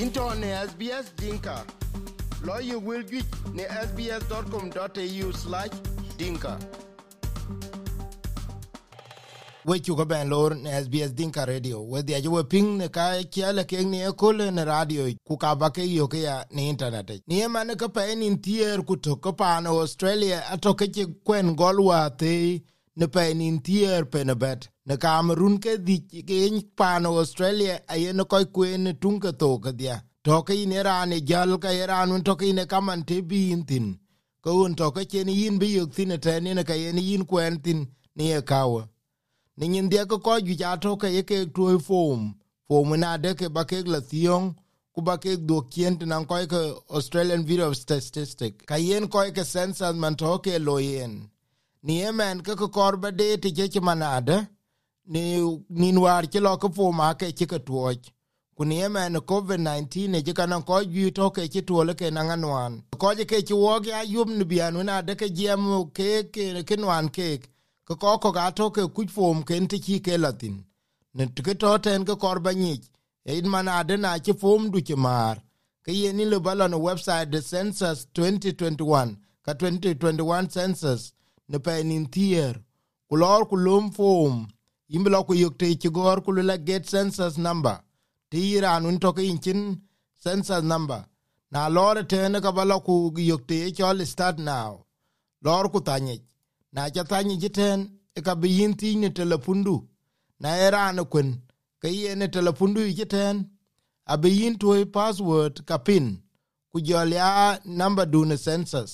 into ne SBS Dinka. Lawyer will get ne sbs.com.au slash dinka. we cu ko ben lor ne SBS Dinka Radio we dia jo ping ne ka kiale ke ni ko le ne radio ku ka ba ke yo ke ya ne internet ni e ma ne ka pe ni tier ku to ko pa Australia ato ke kwen golwa te ne pe nin tier pe ne bet ne Cameroon ke di ken pano Australia aye ne koy kwen tun ke to ke dia to ke ne rane jal ke ranu to ke ne kaman te bi intin ko un to ke chen yin bi yuk tin te ne ke yin yin kwen tin ne e kawa ne nin dia ko ko ju ja to ke ke to form form na de ke ba ke la thiong ku ba ke do kien tin an koy ke Australian Bureau of Statistics ka yen koy ke census man to ke lo yen ni yemen ke ko kor ba de ti ke manade ni nin war ke lo ko po ma ke ke tuo ku ni yemen covid 19 ne ke kana ko gi to ke ti tuo le ke na wan ko je ke ti wo a yum ni bi anu na de ke jem ke ke ke nwan ke ke ko ko ga to ke ku po ke ti ki ke latin ne ke to ten ke kor ba ni e in manade na ti po du ti mar ke ye ni le balon website the census 2021 ka 2021 census ne pen in tier ku lor ku lom form yimbe lo ku yok te gor ku la get census number ti iran un toke inchin census number na lor e te ne ka balo ku yok te e chol start now lor ku tanye na ja tanye jiten e ka bi yin ti ne telepundu na era ne kun ke ye ne telepundu jiten abe yin to password ka pin ku jol ya number dune census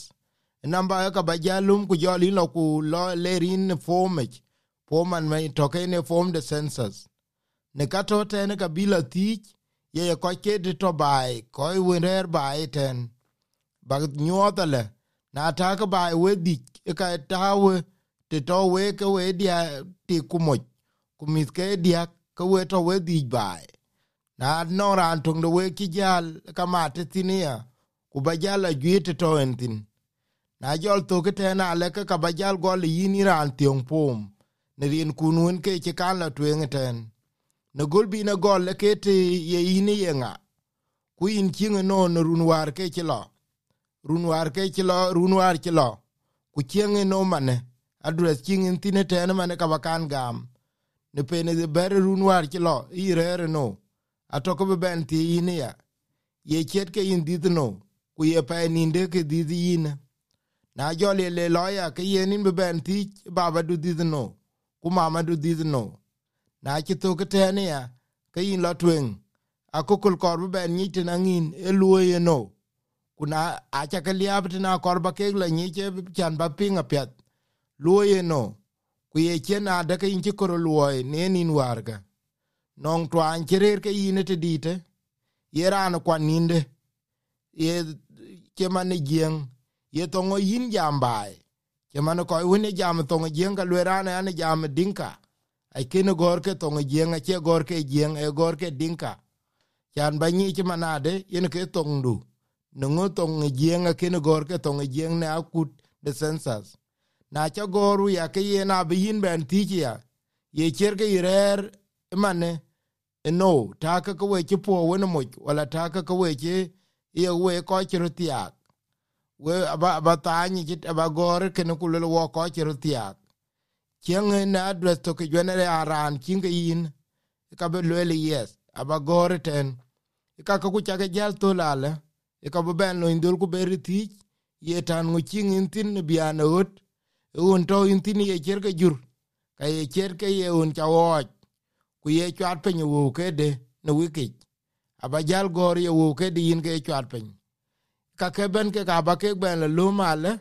namba ka ba jalum ku joli no ku lo lerin formage forman me to ke ne form the census ne kato te ne kabila tich ye ye ko ke de to bai ko er bai ten ba nyu nyodale na ta ka bai we di e ka e ta we te to we ke we dia ti ku mo ku mi ke dia ka we to we di bai na no ran tung de we ki jal ka ma te ti tinia ku ba ja la gi te to en tin na jol to ke tena le ke ka bajal go le yin iran tiong pom ne rin kunun ke ke kan la twen ten ne gol bi ne gol le ke te ye yin ye nga ku yin kin no no run war ke ke lo run war ke ke lo run war ke lo ku kin no mane adres kin in tine tena mane ka bakan gam ne pe ne ber run war ke lo ire re no atoko be ben ti yin ya ye ket ke yin dit no ku ye pa e ninde ke dit yin ne na jole le loya ke yenin be ben ti baba du di no ku mama du di no na ki to ke te ne ya ke yin la twen a ku kul kor be ben ni te na ngin e luo e ye no ku na a cha ke liab te na kor ba ke le ni che chan ba pinga pet luo e ye no ku ye ke na da ke yin ti kor luo e, ne nin warga non twan cherer ke yin te dite ye ran kwa ninde ye ke mane gieng ye tongo yin jam bai ke mano ko wini jam tongo jenga lwerana ane jam dinka ai kene gorke tongo jenga che gorke jeng e gorke dinka chan banyi che manade yin ke tongdu nungo tongo jenga kene gorke tongo jeng ne akut the census na cha goru ya ke ye na biyin ben tichia ye cherke yirer mane no taka ko weche po wono mo wala taka ko weche ye we ko chirutiak we aba ba tani jit aba gore ken ku wo ko ti rutiak chen na address to ke genere aran king yin e ka be le yes aba gore ten e ka ku ta ke jal to lale e ka be no indur ku be riti ye tan ngu king in tin biana ut un to in tin ye cher ke jur ka ye cher ke ye un ta wo ku ye chat pe ni wo ke de no wiki aba jal gore ye wo ke di in ke chat pe ni kake ben ke ka ba ke ben le lo male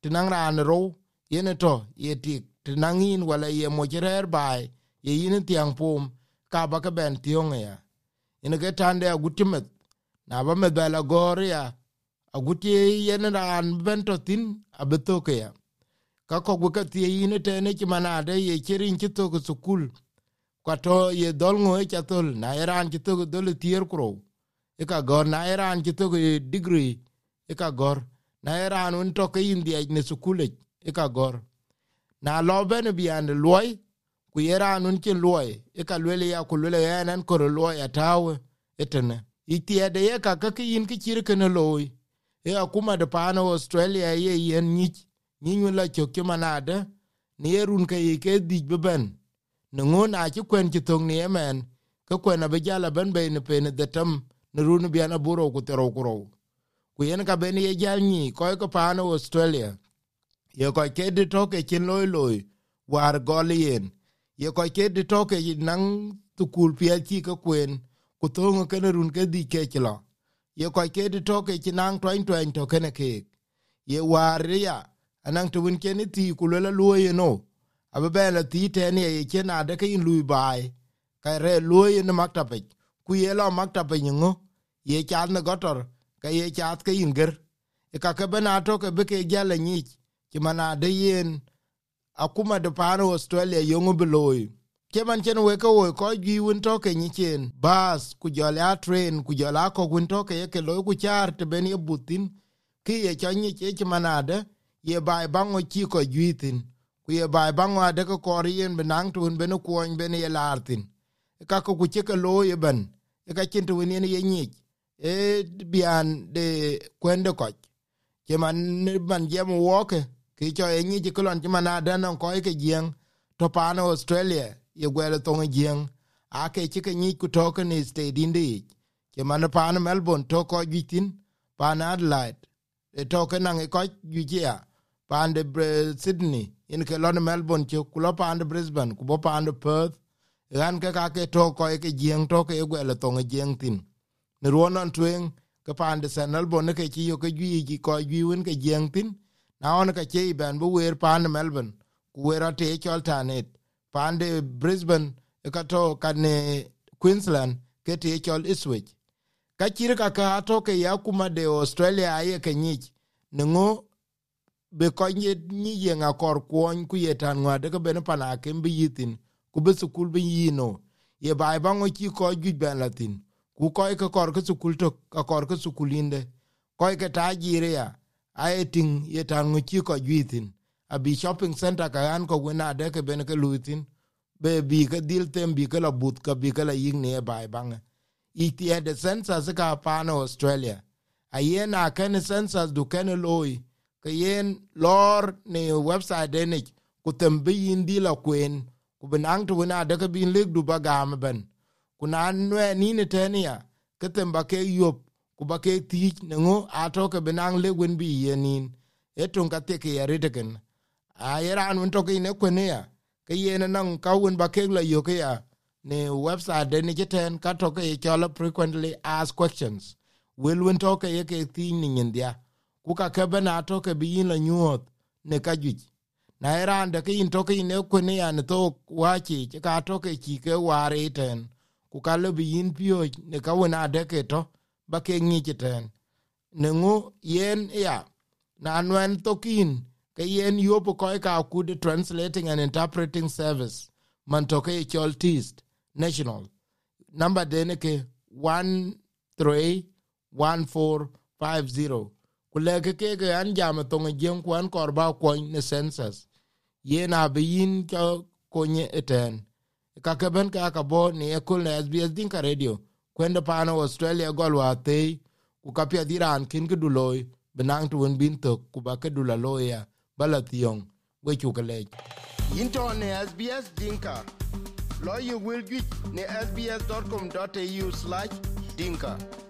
tinang ran ro yene to ye tik tinang in wala ye mo jerer bai ye yin e tiang pum ka ba ke ben tiong ya ina e ke tande agutimet na ba me bela goria agutie yene ran ben to tin abeto ke ya ka ko gu ka tie yin e te ne ki manade ye kirin ki to ku sukul ka to ye dol ngo e ka tol na iran ki to dol tier kro ka go na iran ki to degree ika gor na eran un to ke india ne sukule ika gor na lo ben bi an loy ku eran un ke loy ika lele ya ku lele ya nan ko loy atawe etene itie de ye ka ka kin ki kir ke ne loy e akuma de pano australia ye yen ni ni nyu la cho ke manade ni erun ke ye ke di beben ne ngon a ti kwen ti tong ni emen ke kwen abijala ben be ne pe ne detam ne runu bi ana buro ku tero ku ku yen ka ben ye jal nyi ko ko pano australia ye ko ke de to ke chin loy loy war gol yen ye ko ke de to ke nan tu kul pye ti ko kwen ku to ngo ke run ke di ke chlo ye ko ke de to ke chin nan to to to ke ne ke ye war ya anan tu win ke ni ti ku le lo ye no abe be la ti te ne ye chen ade ke in lui bai ka re lo ne maktape ku ye lo maktape ngo ye chal ne gotor ka ye chat ke inger e ka ke bena to ke be ke gele ni ki mana de yen akuma de paro australia yongu beloy ke man chen we ko ko gi un to ke ni chen bas ku jala train ku jala ko un to ke ke lo ku char te ben ye butin ki ye cha ni ke ki mana de ye bai e bango chi ko gitin ku ye bai e bango de ko ko yen benang tun benu kuon ben ye lartin e ka ko ku che ke lo ye ben ka chen tu ni ye ni e bian de kwende ko ke man man jam woke ki cho e ni ji kolon ti mana da non ko ke jien to pano australia ye gwele to jien a ke ti ke ni ku to ke ni ste dindi ke man pano melbourne to ko gitin pan adelaide e to ke na ko gitia pan de sydney in ke lon melbourne ti ku lo pan de brisbane ku bo pan de perth ran ke ka ke to ko ke jien to ke gwele to jien tin ne ruon on ke pande sen melbourne ke ci yo ke ji ko jwi win ke jeng tin na on ka che ben bu wer pan melbourne ku wer ate e chol tanet pande brisbane e ka to kan queensland ke te e chol iswich ka chir ka ka to ke ya kuma de australia aye ke nyich nengo be ko nye ni ye nga kor kwon ku ye tan wa de be pana ke bi yitin ku be sukul bi yino ye bai bango chi ko ju ben latin ku koy ke kor ke sukul to ka kor ke sukulinde koy ke ta jire ai ting ye tan ngu chi ko jwitin abi shopping center ka an ko wena de ke ben ke lutin be bi ke dil tem bi ke la but ka bi ke la ying ne bai bang i ti e de census ka pano australia a ye na ken census du ken loy ke yen lor ne website de ne ku tem bi yin di la kwen ku ben ang tu wena de ke bin lig du ba ga ben kuna nwe ni ne tenia ketem ba yop ku ba ke ti benang le wen bi ye nin etun ka ke yare de a yera an un to ke ke ye ne nan ka wen ba la yo ke ya ne website de ne jeten ka to ke ke frequently asked questions wel wen to ye ke ti ni dia ku ke bena to bi yin la nyuot ne ka juj na era an ke in to ke ne ne to wa ka to ke ware ten ku ka lebi yin piööc ne kawen adeke tö ba ke ŋic tɛn ne ŋu yen ya na nuɛn thokin ke yen yopu kɔcka akud translating and interpreting service man töke ye cɔl tist national namba dene ke 131450 ku lɛke keke an jame thoŋi jieŋ kuɛn kɔr ba kuɔny ne census yen abi yin cɔ konye etɛn kakeben ka ka bo ni ekul ne SBS Dinka Radio kwenda pano Australia golwa thei ku kapya diran kin guduloi benang tuun binto kubake dulaloya balationg wechukelech. Into ne SBS Dinka. Lawyer will get ne sbs.com.au slash Dinka.